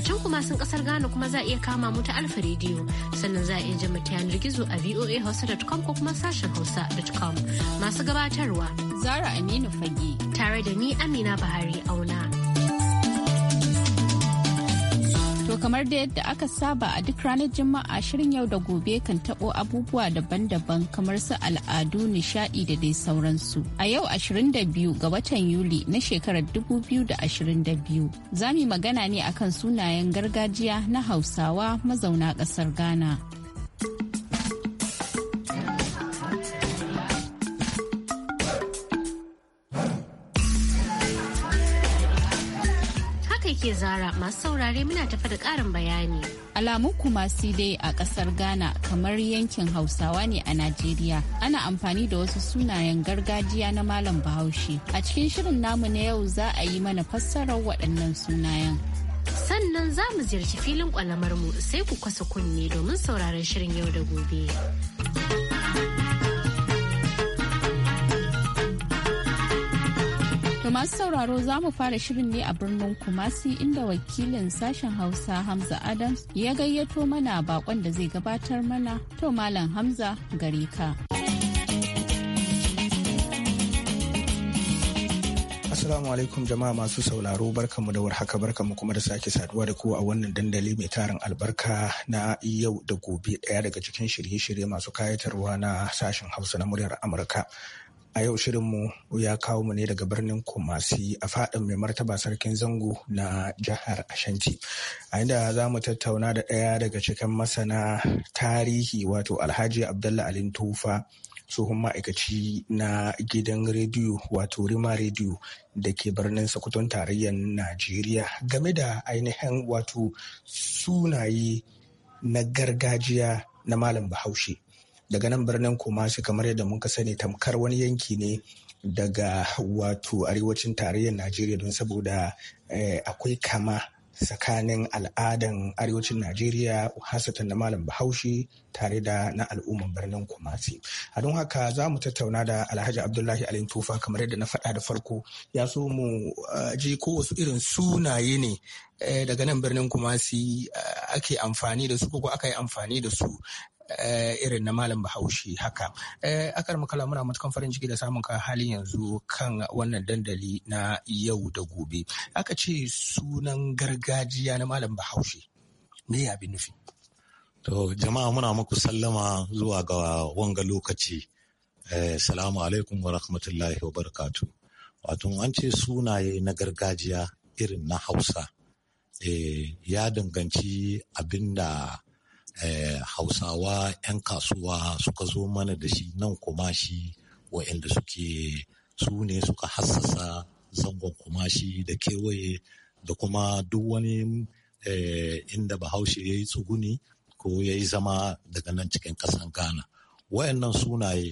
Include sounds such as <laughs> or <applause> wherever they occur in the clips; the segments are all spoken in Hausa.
A can kuma sun kasar Ghana kuma za a iya kama mu ta Alfa rediyo sannan za a iya jama ta yanar gizo a voahausa.com ko kuma sashen hausa.com. Masu gabatarwa Zara Aminu Fage tare da ni Amina Bahari Auna. To kamar da yadda aka saba a duk ranar Juma'a shirin yau da gobe kan tabo abubuwa daban-daban kamar su al'adu, nishadi da dai sauransu. A yau 22 ga watan Yuli na shekarar 2022 za mu magana ne akan sunayen gargajiya na Hausawa mazauna ƙasar Ghana. ke zara masu saurare muna tafa da ƙarin bayani. Alamun kumasi dai a ƙasar Ghana kamar yankin Hausawa ne a Najeriya. Ana amfani da wasu sunayen gargajiya na Malam Bahaushe. A cikin shirin namu na yau za a yi mana fassarar waɗannan sunayen. Sannan za mu ziyarci filin mu sai ku kwasa kunne domin sauraron shirin yau da gobe. To masu sauraro za mu fara shirin ne a birnin Kumasi inda wakilin sashen Hausa Hamza Adams ya gayyato mana bakon da zai gabatar mana to Malam Hamza gare ka. Assalamu alaikum jama'a masu sauraro barkanmu da warhaka barkanmu kuma da sake saduwa da ku a wannan dandali mai tarin albarka na yau da gobe daya daga cikin shirye-shirye masu kayatarwa na sashen Hausa na muryar Amurka. a yau shirinmu ya kawo mu ne daga birnin kumasi a fadin mai martaba sarkin zango na jihar ashanti a inda za mu tattauna da ɗaya daga cikin masana tarihi wato alhaji Abdullahi alin tufa tsohon ma'aikaci na gidan rediyo wato rima rediyo da ke birnin sokoton tarayyar najeriya game da ainihin wato sunaye na gargajiya na malam bahaushe daga nan birnin kumasi kamar yadda muka sani tamkar wani yanki ne daga wato arewacin tarayyar najeriya don saboda eh, akwai kama tsakanin al'adan arewacin najeriya hasatan na malam bahaushe tare da na al'umman birnin kumasi a don haka za mu tattauna da alhaji abdullahi alin tufa kamar yadda na faɗa da farko ya so mu eh, ji ko wasu irin sunaye ne eh, daga nan birnin kumasi ake amfani da su ko aka yi amfani da su Eh, irin na malam bahaushe haka eh, akar makala muna matukan farin ciki da samun ka hali yanzu kan wannan dandali na yau da gobe aka ce sunan gargajiya na malam bahaushe me ya bi nufi to jama'a muna muku sallama zuwa ga wanga lokaci eh, salamu alaikum wa rahmatullahi wa barakatu wato an ce sunaye na gargajiya irin na hausa ya danganci abinda Eh, hausawa 'yan kasuwa suka zo mana da shi nan kumashi wa'inda suke su ne suka hassasa zangon kumashi da kewaye da kuma duk wani eh, inda bahaushe ya yi tsuguni ko ya yi zama daga nan cikin ƙasan ghana wayannan sunaye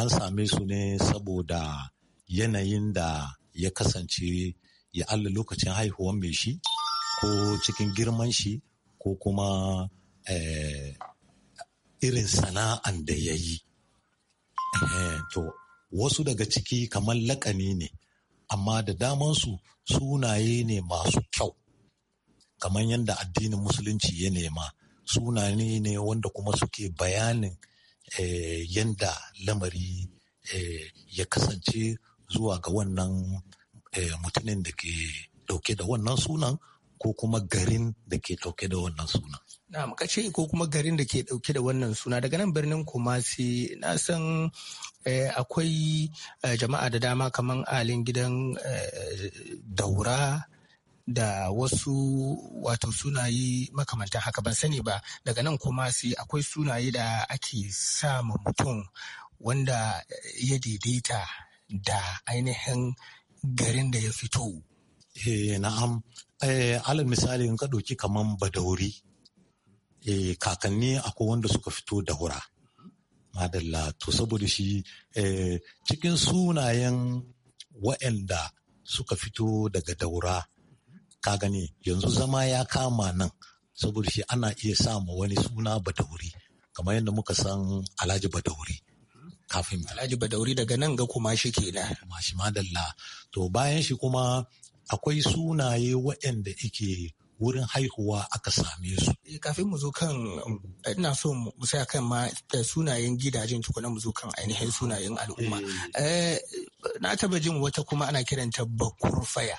an same su ne saboda yanayin da ya kasance ya alla lokacin haihuwan mai shi ko cikin girman shi ko kuma Eh, irin sana'an da ya yi. Eh, to, wasu daga ciki kamar lakani ne, amma da damansu sunaye ne masu kyau, kamar yadda addinin musulunci ya nema, sunaye ne wanda kuma suke bayanin eh, yadda lamari ya kasance zuwa ga wannan mutumin da ke dauke da wannan sunan ko kuma garin da ke dauke da wannan sunan. Na'am kace ko kuma garin da ke dauke da wannan suna daga nan birnin Kumasi na san eh, akwai eh, jama'a da dama kamar alin gidan eh, daura da wasu wato sunaye makamantan haka ban sani ba daga nan kumasi akwai sunaye da ake sa mutum wanda ya daidaita da ainihin garin da ya fito. Eh na'am, alal misali in ka ɗauki kaman badauri eh, kakanni akwai wanda suka fito da hura madalla to saboda shi eh, cikin sunayen wa'anda suka fito daga daura ka gani yanzu zama ya kama nan saboda shi ana iya samu wani suna badauri kamar yadda muka san alhaji badauri kafin alhaji badauri daga nan ga kuma shi kenan kuma shi madalla to bayan shi kuma akwai sunaye wa'anda ike wurin haihuwa aka same su. Eh, kafin mu zo kan ina so mu sa kan ma eh, sunayen gidajen tukuna mu zo kan ainihin sunayen al'umma. Eh. Na taba jin wata kuma ana kiranta bakurfaya.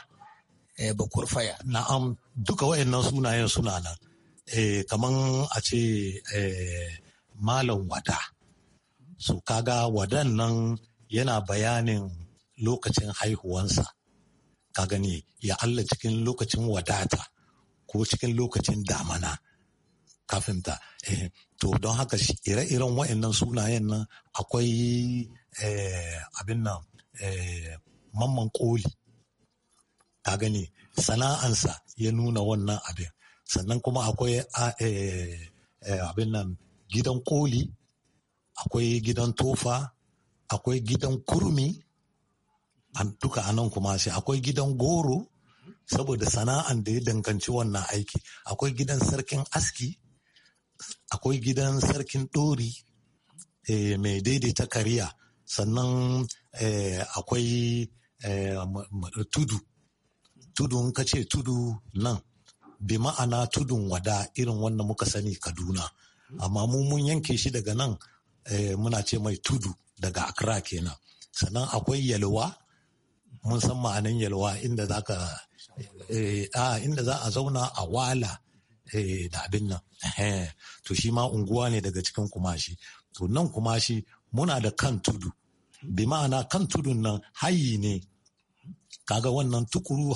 Bakurfaya. Na'am duka wayannan sunayen suna nan. Kaman a ce malam wada. So kaga wadan nan yana bayanin lokacin haihuwansa. ka gani ya Allah cikin lokacin wadata ko cikin lokacin damana kafinta ta eh, to don haka ire-iren wa'annan sunayen nan akwai eh, abin nan eh, mamman koli ta gani sana'ansa ya nuna wannan abin sannan kuma akwai abin nan gidan koli akwai gidan tofa akwai gidan kurmi duka anan kuma sai akwai gidan goro saboda sana'an da ya danganci wannan aiki akwai gidan sarkin aski akwai gidan sarkin ɗori eh, mai daidaita kariya sannan eh, akwai eh, tudu tudu in ka ce tudu nan bi ma'ana tudun wada irin wannan muka sani kaduna amma mu mun yanke shi daga nan muna ce mai tudu daga accra kenan sannan akwai yalwa mun san ma'anan yalwa inda za ka eh, inda za a zauna a wala eh, da abin nan to shi ma unguwa ne daga cikin kumashi to nan kumashi muna da kan tudu bi ma'ana kan tudun nan hayi ne kaga wannan tukuru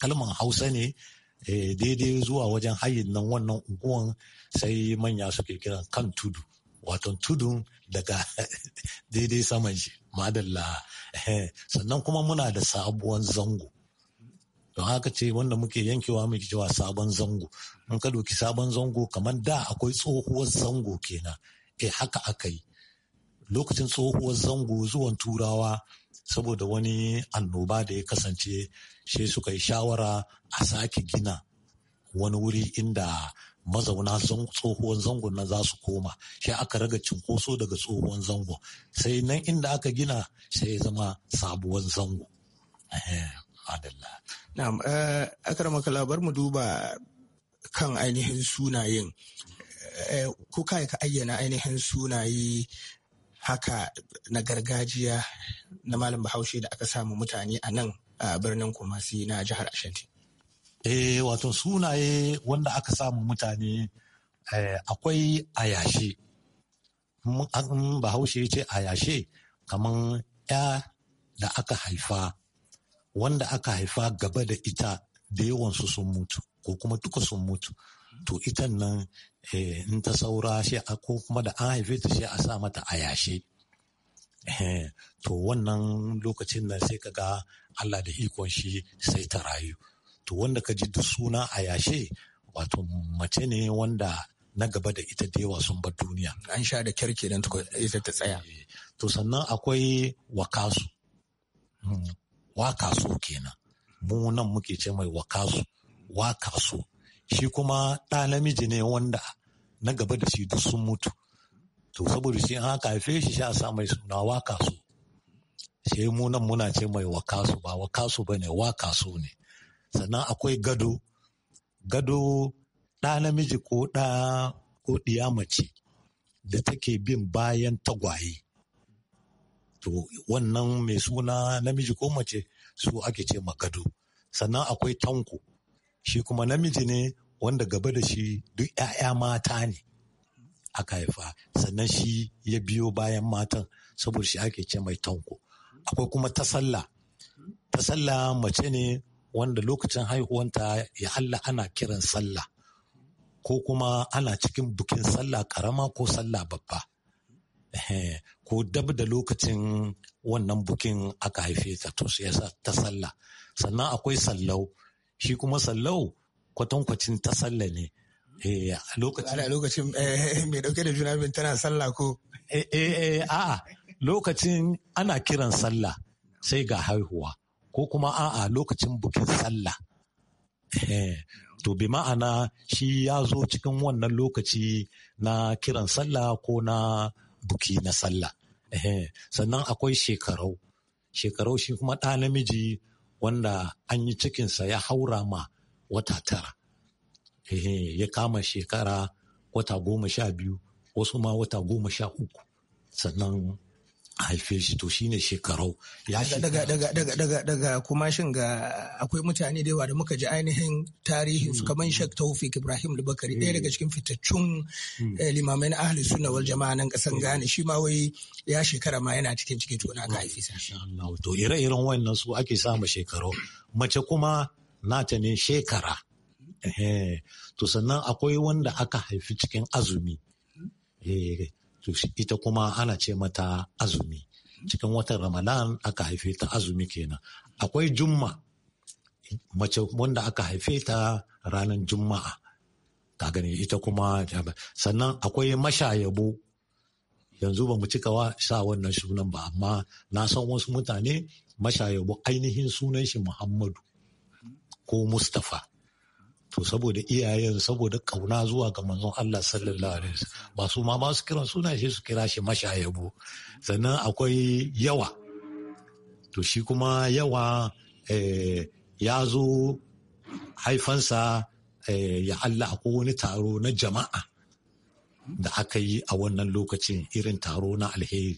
kalman hausa ne eh, daidai zuwa wajen hayin nan wannan unguwan sai manya suke kiran kan tudu wato tudun daga <laughs> daidai saman shi madalla eh, sannan kuma muna da sabuwan zango don haka ce wanda muke yankewa muke cewa sabon zango in ka doki sabon zango kamar da akwai tsohuwar zango kenan e haka aka yi lokacin tsohuwar zango zuwan turawa saboda wani annoba da ya kasance shi suka yi shawara a sake gina wani wuri inda mazauna tsohuwan zango na za su koma sai aka raga cinkoso daga tsohuwan zango sai nan inda aka gina sai zama sabuwan zango na'am eh, mu duba kan ainihin sunayen eh, ko kai ka ayyana ainihin sunaye haka na gargajiya na malam bahaushe da aka samu mutane a nan a birnin kumasi na jihar ashanti Eh wato sunaye wanda aka samu mutane eh, akwai ayashe. In bahaushe ce ayashe kamar ya da aka haifa wanda aka haifa gaba da ita da yawansu sun mutu ko kuma duka sun mutu. To itan nan eh, in ta saura shi ko kuma da an haife ta shi a sa mata ayashe. Eh, to wannan lokacin nan sai ka ga Allah da ikon shi sai ta rayu wato wanda ka ji duk suna a yashe wato mace ne wanda na gaba da ita da yawa sun bar duniya. An sha da kyar kenan ita ta tsaya. Eh, to sannan akwai wakasu. Hmm, wakasu kenan. Mu nan muke ce mai wakasu. Wakasu. Shi kuma ɗa namiji ne wanda na gaba da shi duk sun mutu. To saboda shi an haka haife shi sha sa mai suna wakasu. Sai mu nan muna ce mai wakasu ba wakasu ba ne wakasu ne. sannan akwai gado gado ɗa namiji ko ɗa ko ɗiya mace da take bin bayan tagwaye to wannan mai suna namiji ko mace su ake ce ma gado sannan akwai tanko shi kuma namiji ne wanda gaba da shi duk 'ya'ya mata ne aka haifa sannan shi ya biyo bayan matan saboda shi ake ce mai tanko akwai kuma tasalla tasalla mace ne wanda lokacin haihuwanta ya Allah ana kiran sallah ko kuma ana cikin bukin sallah karama ko sallah babba ko dab da lokacin wannan bukin aka haife ta to yasa ta sallah sannan akwai sallau shi kuma sallau kwatankwacin ta sallah ne eh, lokacin ana lokacin eh, mai dauke da juna bin tana sallah ko a eh, a'a lokacin ana kiran sallah sai ga haihuwa ko kuma a'a lokacin bukin sallah eh, to bi ma'ana shi ya zo cikin wannan lokaci na kiran sallah ko na buki na sallah eh, sannan akwai shekarau shekarau shi kuma ɗa namiji wanda an yi cikinsa ya haura ma wata tara eh, ya kama shekara wata goma sha biyu wasu ma wata goma sha uku sannan haife shi to shine shekarau ya daga daga daga daga daga kuma shin ga akwai mutane da yawa da muka ji ainihin tarihin su mm. kamar Sheikh Tawfiq Ibrahim Lubakari ɗaya daga mm. cikin fitaccun mm. eh, limamai na ahli sunna wal jama'a nan kasan Ghana shi ma wai ya shekara ma yana cikin ciki to na ka haife sa to ire-iren wannan su ake samu shekarau mace kuma nata ne shekara to sannan akwai wanda aka haifi cikin azumi eh. to ita kuma ana ce mata azumi cikin watan ramadan aka haife ta azumi kenan akwai jumma mace wanda aka haife ta ranar juma'a ta gani ita kuma sannan akwai mashayabo yanzu ba mu cika wa sa wannan sunan ba amma na san wasu mutane mashayabo ainihin sunan shi muhammadu ko mustapha to saboda iyayen saboda kauna zuwa ga manzon Allah sallallahu alaihi wasallam ba su ma ba su kira suna shi su kira shi mashayabu sannan akwai yawa to shi kuma yawa eh, ya zo haifansa eh, ya Allah ko wani taro na jama'a da aka yi a wannan lokacin irin taro na alheri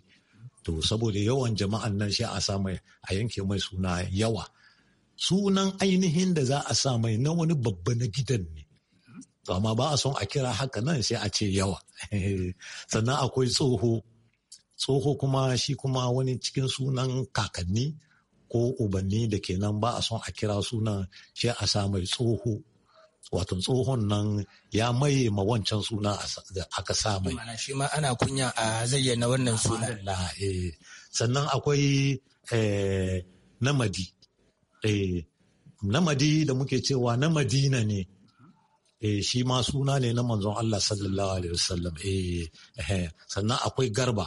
to saboda yawan jama'an nan shi a samu a yanke mai suna yawa sunan ainihin da za a sa mai na wani babba na gidan ne amma ba a son a kira haka nan sai a ce yawa <laughs> sannan akwai tsoho tsoho kuma shi kuma wani cikin sunan kakanni ko ubanni da ke nan ba a son a kira sunan shi a sa mai tsoho wato tsohon nan ya maye ma wancan suna da aka sa mai shi ma ana kunya a zayyana wannan suna eh. sannan akwai eh, namadi eh namadi da muke cewa na madina ne E shi ma suna ne na manzon Allah sallallahu alaihi wasallam eh, sannan akwai garba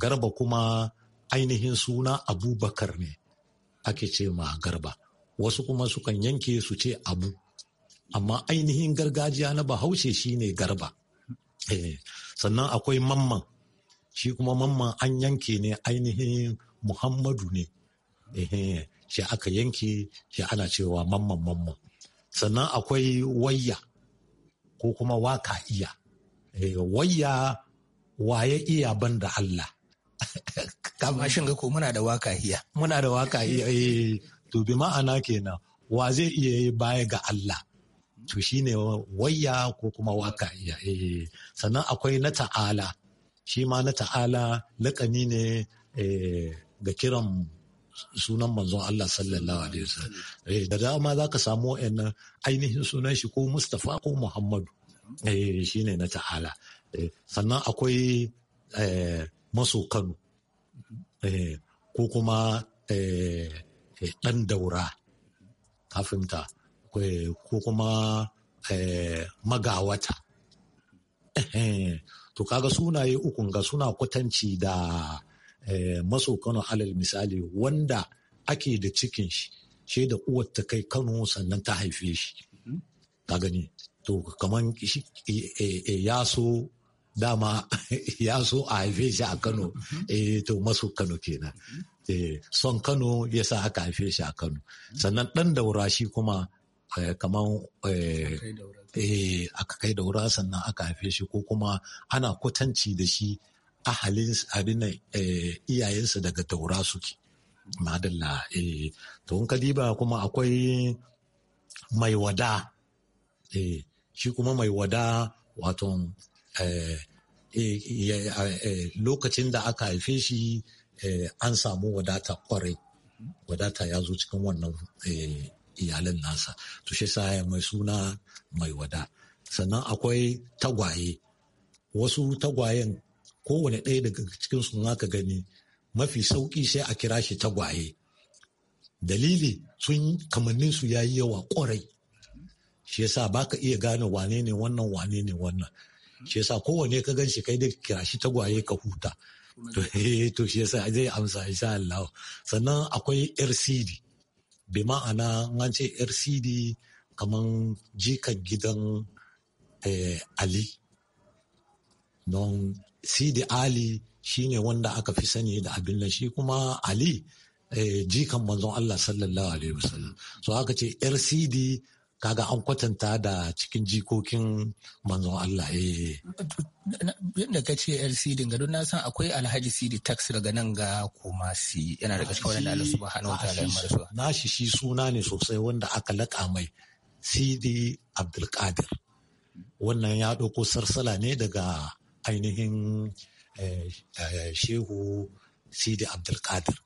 garba kuma ainihin suna abubakar ne ake ce ma garba wasu kuma sukan yanke su ce abu amma ainihin gargajiya na bahaushe shi ne garba eh, sannan akwai mamman shi kuma mamman an yanke ne ainihin muhammadu ne shi aka yanke shi ana cewa mamman mamman sannan akwai wayya ko kuma waka iya eh, wayya waye iya ban da Allah kama <laughs> ga ko muna da waka iya muna da waka iya eh. to bi ma'ana kenan wa zai iya baya ga Allah to shine wayya ko kuma waka iya eh. sannan akwai na ta'ala shi ma na ta'ala lakani ne ga kiran sunan manzon Allah sallallahu alaihi wasallam eh, da dama zaka samu wayannan ainihin sunan shi ko Mustafa ko Muhammadu eh shine na ta'ala eh, sannan akwai eh, maso Kano ko kuma ɗan daura kafinta ko kuma magawata to kaga sunaye ukun ga suna kwatanci da Eh, maso kano alal misali wanda ake da cikin shi shi da uwar ta kai kano sannan ta haife shi mm-hmm. ka gani to kaman eh, eh, ya so dama <laughs> ya so a haife shi a kano mm-hmm. to maso kano kenan mm-hmm. son kano ya sa aka haife shi a kano sannan dan daura shi kuma kamar aka kai daura sannan aka haife shi ko kuma ana kwatanci da shi ahalin abin eh, iyayensa daga taura suke madalla eh to in diba kuma akwai mai wada eh shi kuma mai wada wato eh, eh, lokacin da aka haife shi an samu wadata kwarai wadata ya zo cikin wannan iyalan nasa to shi sa mai suna mai wada sannan akwai tagwaye wasu tagwayen kowane ɗaya daga cikin su ka gani mafi sauƙi sai a kira shi tagwaye dalili sun kamannin su yayi yawa ƙorai, shi yasa baka iya gane wane ne wannan wane ne wannan shi yasa kowane ka gan shi kai da kira shi tagwaye ka huta to eh, to shi yasa zai amsa insha Allah sannan akwai RCD bi ma'ana an ce RCD kaman jikan gidan eh, Ali don Sidi Ali shine wanda aka fi sani da abin nan shi kuma Ali eh, jikan manzon Allah sallallahu alaihi wasallam so aka ce yar Sidi kaga an kwatanta da cikin jikokin manzon Allah eh yadda ka ce yar Sidi ga don na san akwai Alhaji Sidi tax daga nan ga Kumasi yana daga cikin wanda Allah subhanahu wataala ya marsuwa nashi shi suna ne sosai wanda aka laka mai Sidi Abdulkadir wannan ya ɗauko sarsala ne daga ainihin eh, eh, shehu sidi abdulkadir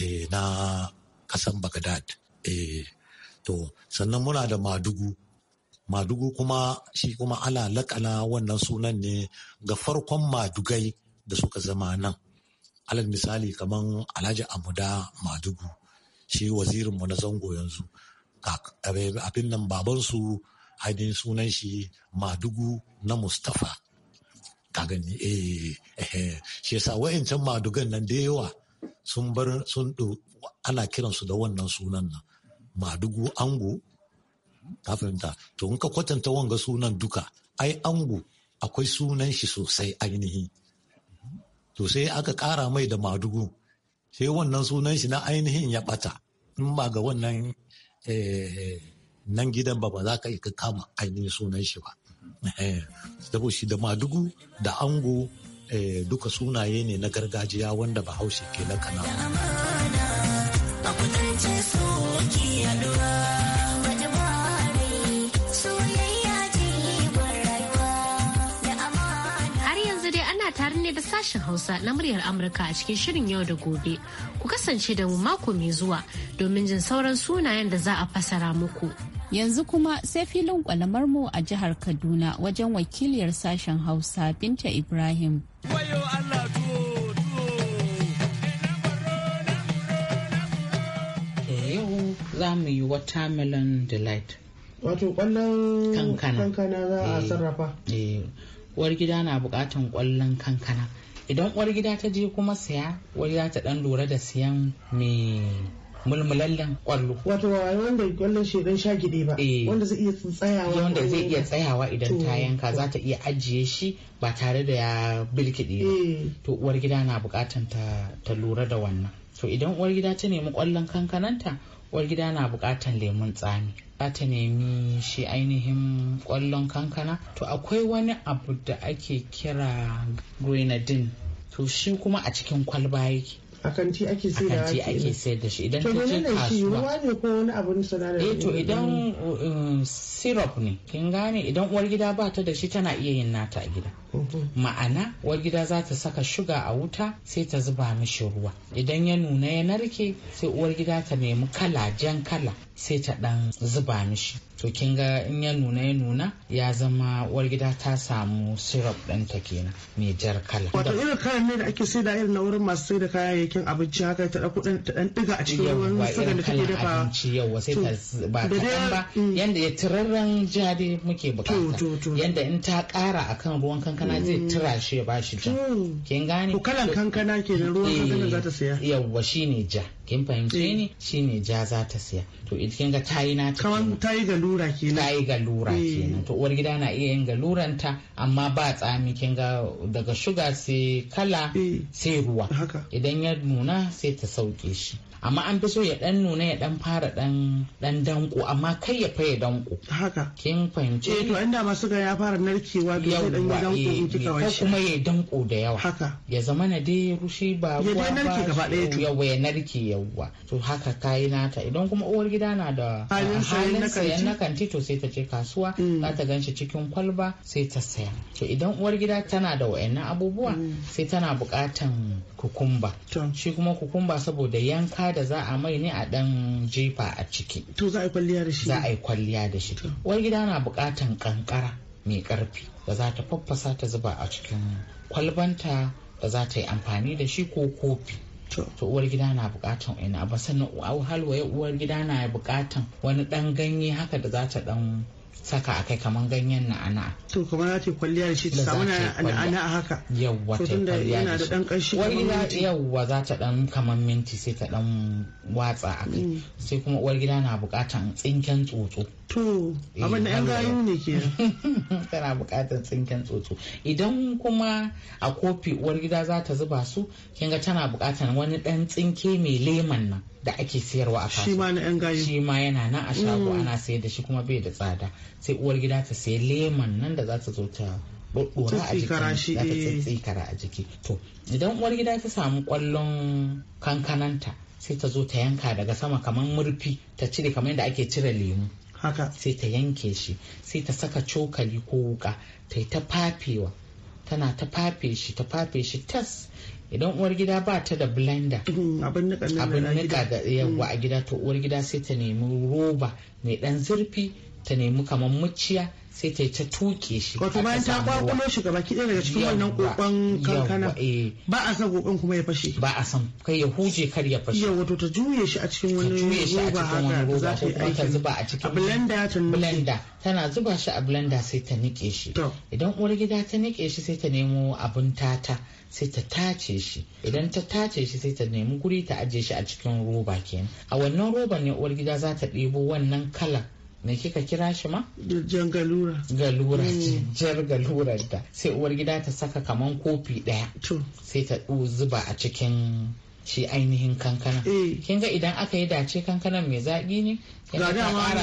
eh, na kasan bagdad to sannan muna da madugu madugu kuma shi kuma ala lakala wannan sunan ne ga farkon madugai da suka zama nan alal misali kaman alhaji amuda madugu shi wazirinmu na zango yanzu abin nan babansu ainihin sunan shi madugu na mustafa ka gani eh, eh. shi yasa wayancan madugan nan da yawa sun bar sun ana kiransu da wannan sunan nan madugu ango ka fahimta to in ka kwatanta wanga sunan duka ai ango akwai sunan shi sosai ainihi to sai aka kara mai da madugu sai wannan sunan shi na ainihin ya bata in ba ga wannan eh, nan gidan ba ba za ka ka kama ainihin sunan shi ba Eh, da shi da madugu da ango eh, duka sunaye ne na gargajiya wanda bahaushe ke na kana. tare ne da sashen Hausa na muryar Amurka a cikin shirin yau da gobe. Ku kasance da mu mako mai zuwa domin jin sauran sunayen da za a fasara muku. Yanzu kuma sai filin kwalamar mu a jihar Kaduna wajen wakiliyar sashen Hausa Binta Ibrahim. Eh, yau za mu yi watermelon delight. Wato kwallon kankana za a eh, sarrafa. Eh, uwar gida na bukatan kwallon kankana. Idan uwar gida ta je kuma saya, uwar gida ta dan lura da siyan mai mulmulallen kwallo wato wanda kwallon shi dan shagide ba eh. wanda zai iya tsayawa wanda zai iya tsayawa idan ta yanka za ta iya ajiye shi ba tare da ya bilkiɗe ba eh. to uwar gida na bukatan ta lura da wannan to idan uwar gida ta nemi kwallon kankananta uwar gida na bukatan lemun tsami za ta nemi shi ainihin kwallon kankana to akwai wani abu da ake kira grenadine to shi kuma a cikin kwalba yake a kanti ake sai da ake sayar da shi idan ta je kasuwa ruwa ne ko wani abun sinadari eh to idan um, syrup ne kin gane idan uwar gida ba ta da shi tana iya yin nata a gida mm-hmm. ma'ana uwar gida za ta saka shuga a wuta sai ta zuba mishi ruwa idan ya nuna ya narke sai uwar gida ta nemi kala jan kala sai ta dan zuba mishi to kin ga in ya nuna ya nuna ya zama uwar gida ta samu syrup ta kenan mai jar kala wato irin kayan ne da ake sai da irin na wurin masu sai da kayayyakin abinci haka ta dauko dan ta dan diga a cikin ruwan sai da take dafa abinci yawa sai ta ba dan ba mm. yanda ya turarren jade muke bukata yanda in ta kara akan ruwan kankana zai mm. tura shi ya bashi ja kin gane kalan kankana ke da ruwan eh, kankana za ta saya yawa shine ja kin fahimce eh. ni ne ja za ta siya to kin ga tayi na ta ta tayi galura kenan tayi galura eh. kenan to uwar gida na iya yin galuran ta amma ba tsami kin ga daga shuga sai kala eh. sai ruwa idan ya nuna sai ta sauke shi amma an fi so ya dan nuna ya dan fara dan dan danko amma kai ya fa ya danko haka kin fahimci eh, to inda masu ga ya fara narkewa to sai dan danko in kika eh, ko kuma ya danko da yawa haka ya zama na dai rushi ba ya dai narke gaba daya to yawa ya narke yawa to haka kai nata idan kuma uwar gida na da halin sayan na kanti to sai ta je kasuwa mm. za ta ganshi cikin kwalba sai ta saya to idan uwar gida tana da wayannan abubuwa mm. sai tana bukatan kukumba shi kuma kukumba saboda yanka da za a mai ne a dan jefa a ciki to za a yi kwalliya da shi za a yi kwalliya da shi Wai gida na bukatan kankara mai karfi da za ta faffasa ta zuba a cikin kwalbanta da za ta yi amfani da shi ko kofi to uwar gida na bukatan ina ba sannan uwar gida na bukatan wani dan ganye haka da za ta dan saka akai kaman ganyen na'ana to kamar za ta kwalliya da shi ta samu na'ana a haka yawwa ta kwalliya da shi wai za yawwa za ta dan kamar minti sai ta dan watsa a kai. Mm. sai kuma uwar gida na bukatan tsinken tsotso to eh, abin da yan gayu ne ke <laughs> tana bukatan tsinken tsotso idan kuma a kofi uwar gida za ta zuba su kinga tana bukatan wani dan tsinke mai leman nan da ake sayarwa a kasuwa shi ma yana nan a shago mm. ana sayar da shi kuma bai da tsada sai uwar gida ta sayi lemon nan da za ta zo ta ɗora a jiki eh. tsikara a jiki to idan uwar gida ta samu kwallon kankananta sai ta zo ta yanka daga sama kamar murfi ta cire kamar yadda ake cire lemu haka sai ta yanke shi sai ta saka cokali ko wuka ta yi ta fafewa tana ta fafe shi ta fafe shi tas idan uwar gida ba ta da blender mm, abin nika da yawa a mm. gida ta uwar gida sai ta nemi roba mai dan zurfi ta nemi kamar muciya sai ta ta tuke shi wato bayan ta kwakwalo shi gaba kiɗe daga cikin wannan kokon kankana eh. ba a san kokon kuma ya fashe ba a san kai ya huje kar ya fashe yawa wato ta juye shi a cikin wani roba haka za ta yi ta zuba a cikin blender ta blender tana zuba shi a blender sai ta nike shi idan uwar gida ta nike shi sai ta nemo abun tata sai ta tace shi idan ta tace shi sai ta nemi guri ta ajiye shi a cikin roba kenan a wannan roban ne uwar gida za ta ɗebo wannan kalan me kika kira shi ma? Jan galura. Galura, mm. jar galurar da. Sai uwar gida ta saka kaman kofi ɗaya. Sai ta zuba a cikin shi ainihin kankana eh. kin ga idan aka yi dace kankanan mai zaƙi ne ta ƙara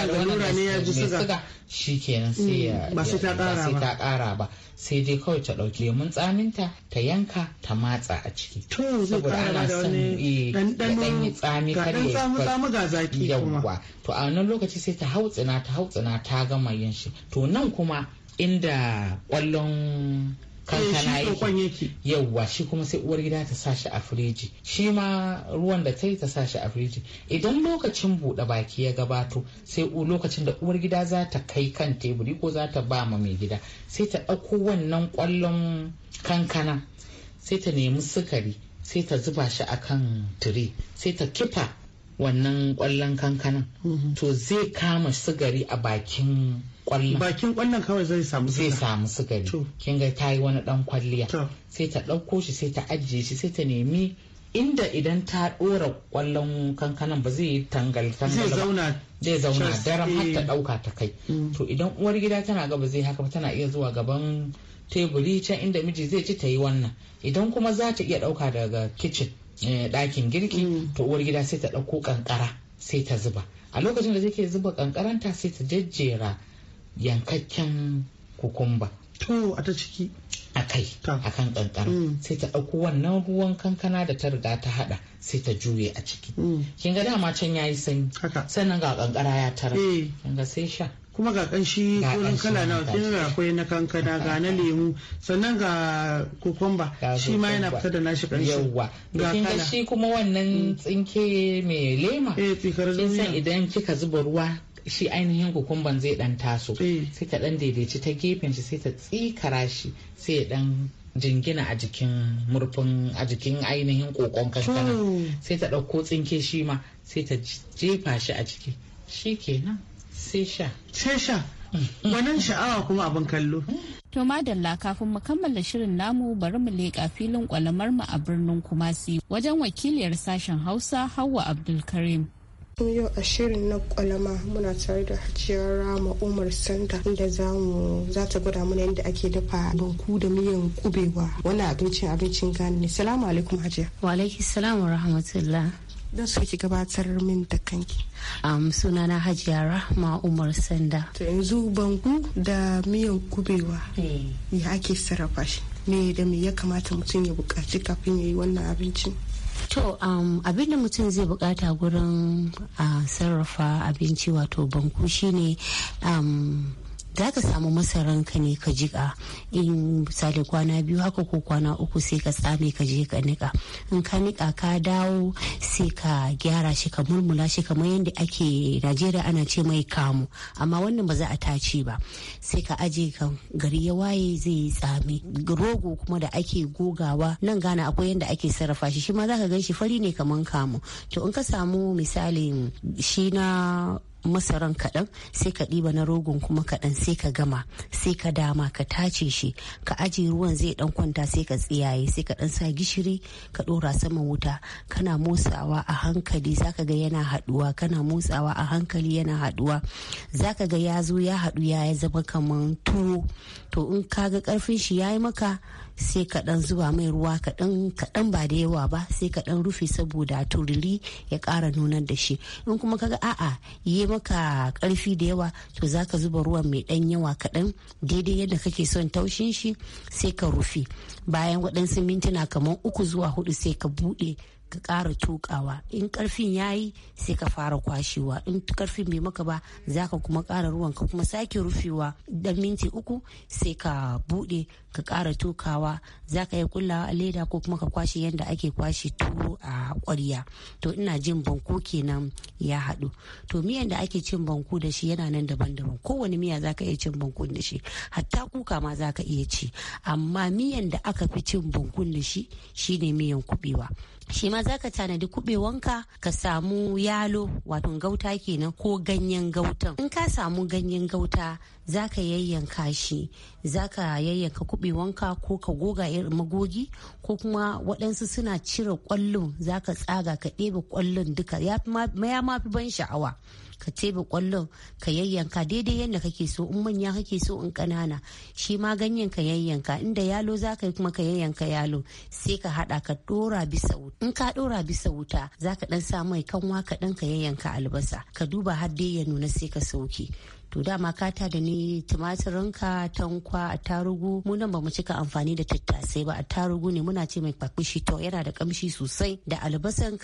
da wani mai suga shi kenan sai ya hmm, ba sai ta ƙara ba sai dai kawai ta ɗauki lemun tsaminta ta yanka ta matsa a ciki saboda ana son eh, ɗanɗano tsami kar ya ga to a wannan lokaci sai ta hautsina ta hautsina ta gama yin shi to nan kuma inda ƙwallon Eh, kankana yake yawwa shi kuma sai uwar gida ta sa shi a firiji shi ma ruwan da ta yi ta sa shi a firiji idan lokacin buɗe baki ya gabato sai lokacin da uwar gida za ta kai kan teburi ko za ta ba ma mai gida sai ta ɗauko wannan ƙwallon kankana sai ta nemi sukari sai ta zuba shi akan tire sai ta kifa wannan kwallon kankanan mhm. to zai kama sigari a bakin kwallon bakin kwallon kawai zai samu sigari. zai samu sigari kin ga ta yi wani dan kwalliya sai ta ɗauko shi sai ta ajiye shi sai ta nemi inda idan ta ɗora kwallon kankanan ba zai yi tangal tangal zauna zai zauna daren har ta eh. ɗauka ta kai mm. to idan uwar gida tana gaba zai haka ba tana iya zuwa gaban teburi can inda miji zai ci ta yi wannan idan kuma za ta iya ɗauka daga kicin Eh, ɗakin girki mm. to uwar gida sai ta ɗauko kankara sai ta zuba a lokacin da take zuba kankaranta sai ta jejjera yankakken kukumba to a ta ciki a kai a kan kankara mm. sai ta ɗauko wannan ruwan kankana da ta riga ta hada sai ta juye a ciki mm. kin ga dama can yayi sanyi sannan ga kankara ya tara eh. kin sai sha kuma ga kanshi kolin kala na ga akwai na kankana ga na lemu sannan ga kokumba shi ma yana fitar da nashi kanshi yawa ga kala shi kuma wannan mm. tsinke mai lema eh tsikar zumiya idan kika zuba ruwa shi ainihin kukumban zai dan taso eh. sai ta dan daidaici ta gefen shi sai ta tsikara shi sai ya dan jingina a jikin murfin a jikin ainihin kokon kankana sai ta dauko tsinke shi ma sai ta jefa shi a ciki. shi kenan sai sha wannan sha'awa kuma abin kallo to madalla kafin mu kammala shirin namu bari mu leƙa filin kwalamar mu a birnin kumasi wajen wakiliyar sashen hausa hawa abdulkarim yau a shirin na kwalama muna tare da hajiyar rama umar sanda inda za mu za ta gwada mana yadda ake dafa banku da miyan kubewa wani abincin abincin gani salamu alaikum hajiya wa alaikum rahmatullah don su ki gabatar min da kanki um, suna na hajiya rahma umar sanda to yanzu bangu da miyan kubewa ya eh. ake sarrafa shi me da me ya kamata mutum ya buƙaci kafin ya yi wannan abincin To um, da mutum zai buƙata gurin uh, sarrafa abinci wato banku shine um, da ka samu masaran ka ne ka jiƙa in misali kwana biyu haka ko kwana uku sai ka tsame ka je ka nika in ka nika ka dawo sai ka gyara shi ka murmula shi kamar yadda ake najeriya ana ce mai kamu amma wannan ba za a tace ba sai ka aje ka gari ya waye zai tsame rogo kuma da ake gogawa nan gana akwai yadda ake sarrafa shi shi ma za ka gan shi fari ne kamar kamu to in ka samu misali shi na masaran kaɗan sai ka ɗiba na rogon kuma kaɗan sai ka gama sai ka dama ka tace shi ka aje ruwan zai ɗan kwanta sai ka tsiyaye sai ka ɗan sa gishiri ka ɗora sama wuta kana motsawa a hankali zaka ga yana haɗuwa kana motsawa a hankali yana haɗuwa zaka ga ya zo ya haɗu ya zama kaman tuwo to in ka ga ƙarfin shi ya yi maka sai ka dan zuba mai ruwa kaɗan kaɗan ba da yawa ba sai ka dan rufe saboda tururi ya ƙara nunar da shi in kuma kaga a'a yi maka ƙarfi da yawa to za ka zuba ruwan mai ɗan yawa kaɗan daidai yadda kake son taushin shi sai ka rufe bayan waɗansu mintuna kamar uku zuwa hudu sai ka buɗe ka ƙara tukawa in karfin yi sai ka fara kwashewa in karfin bai maka ba za ka kuma ƙara ruwan ka kuma sake rufewa dan minti uku sai ka buɗe ka ƙara tukawa za ka yi kullawa a leda ko kuma ka kwashe yadda ake kwashe tuwo a ƙwarya to ina jin banku kenan ya haɗu to miyan da ake cin banku da shi yana nan daban-daban kowane miya za ka iya cin banku da shi hatta kuka ma za ka iya ci amma miyan da aka fi cin banku da shi shine miyan kuɓewa shi ma za ka tanadi kubewanka ka samu yalo wato gauta kenan ko ganyen gautan in ka samu ganyen gauta za ka yayyanka shi za ka yayyanka kubewanka ko ka goga irin magogi ko kuma waɗansu suna cire ƙwallon za ka tsaga ka ɗebe kwallon duka ya ma fi ban sha'awa ka tebe kwallon ka yayyanka daidai yadda kake so in manya kake so in kanana shi ma ganyen ka yayyanka inda yalo za ka yi kuma ka yayyanka yalo sai ka hada ka dora bisa wuta in ka dora bisa wuta za ka dan sa mai kanwa ka dan ka yayyanka albasa ka duba har dai ya nuna sai ka sauke to dama kata da ni tumatirinka tankwa a tarugu. mu nan mu cika amfani da tattasai ba A tarugu ne muna ce mai kwakwishi to yana da kamshi sosai da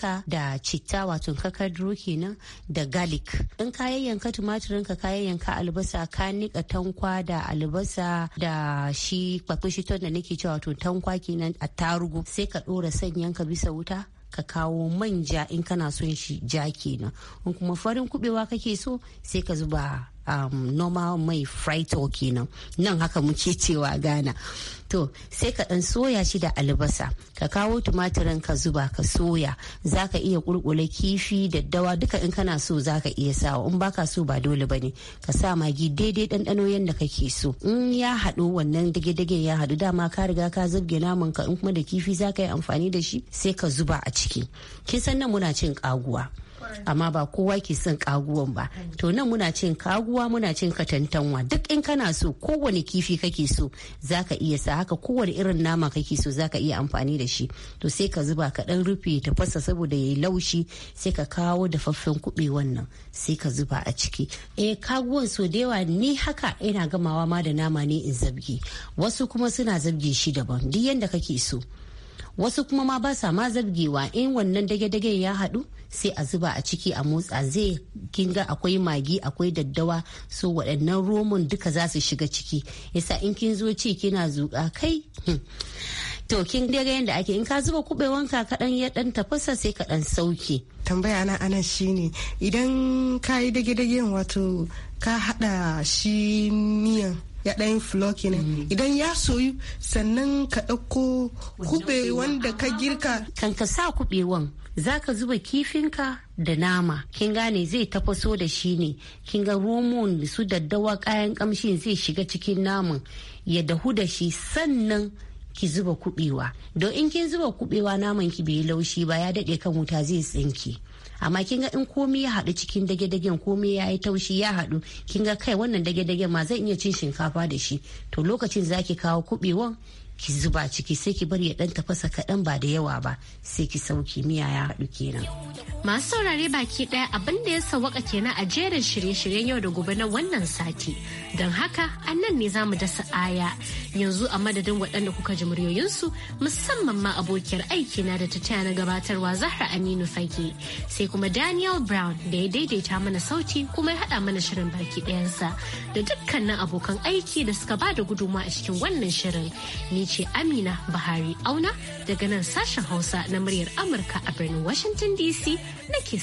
ka da citta wato kakadro kenan da garlic in ka yayyanka tumatirinka ka yayyanka albasa ka nika tankwa da albasa da shi kwakwishi to da nake cewa wato tankwa kenan a tarugu. sai ka dora sanyanka bisa wuta ka kawo manja in kana son shi ja kenan kuma farin kubewa kake so sai ka zuba um, normal mai frito kenan nan haka muke <laughs> cewa ghana to sai ka dan soya shi da albasa ka kawo tumatirin ka zuba ka soya zaka iya kurkula kifi da dawa duka in kana so zaka iya sawa in baka so ba dole bane ka sa magi daidai ɗanɗano yadda kake so in ya haɗu wannan dage-dage ya haɗu dama ka riga ka zabge naman ka in kuma da kifi zaka yi amfani da shi sai ka zuba a ciki kin san nan muna cin kaguwa amma ba kowa ke son kaguwan ba to nan muna cin kaguwa muna cin katantanwa duk in kana so kowane kifi kake so zaka iya sa haka kowane irin nama kake so zaka iya amfani da shi to sai ka zuba ka dan rufe ta fasa saboda yayi laushi sai ka kawo dafaffen kube wannan sai ka zuba a ciki eh kaguwan so da yawa ni haka ina gamawa ma da nama ne in zabge wasu kuma suna zabge shi daban duk yanda kake so wasu kuma ma ba sa ma zargewa in wannan dage-dage ya haɗu sai a zuba a ciki a motsa zai kinga akwai magi akwai daddawa so waɗannan roman duka za su shiga ciki yasa in kin zo ci kina zuƙa kai hmm. to kin daga yadda ake in ka zuba wanka kaɗan ya ɗan tafasa sai kaɗan sauke tambaya na anan shine idan ka yi dage-dagen wato ka haɗa shi miyan ya ɗan floki ne mm. idan ya soyu sannan ka ɗauko kube wanda ka girka kan ka sa kubewan ka zuba kifinka da nama kin gane zai tafaso da shi ne kin ga romon su daddawa kayan kamshin zai shiga cikin naman ya dahu da shi sannan ki zuba kubewa don in kin zuba kubewa naman ki bai laushi ba ya daɗe kan wuta zai tsinki amma kin ga in komai ya haɗu cikin dage-dagen komai ya yi taushi ya haɗu kin ga kai wannan dage-dagen ma zan iya cin shinkafa da shi to lokacin zaki kawo kuɓewan ki zuba ciki sai ki bari ya dan tafasa kaɗan ba da yawa ba sai ki sauki miya ya haɗu kenan. Masu saurare baki ɗaya abin da ya sawaka kenan a jerin shirye-shiryen yau da gobe na wannan sati. Don haka an nan ne za mu dasa aya yanzu a madadin waɗanda kuka ji muryoyinsu musamman ma abokiyar aiki na da ta taya na gabatarwa Zahra Aminu Fage sai kuma Daniel Brown da ya daidaita mana sauti kuma ya haɗa mana shirin baki ɗayansa da dukkanin abokan aiki da suka ba da gudunmawa a cikin wannan shirin. Ni ce Amina Bahari Auna daga nan sashen Hausa na muryar Amurka a birnin Washington DC nake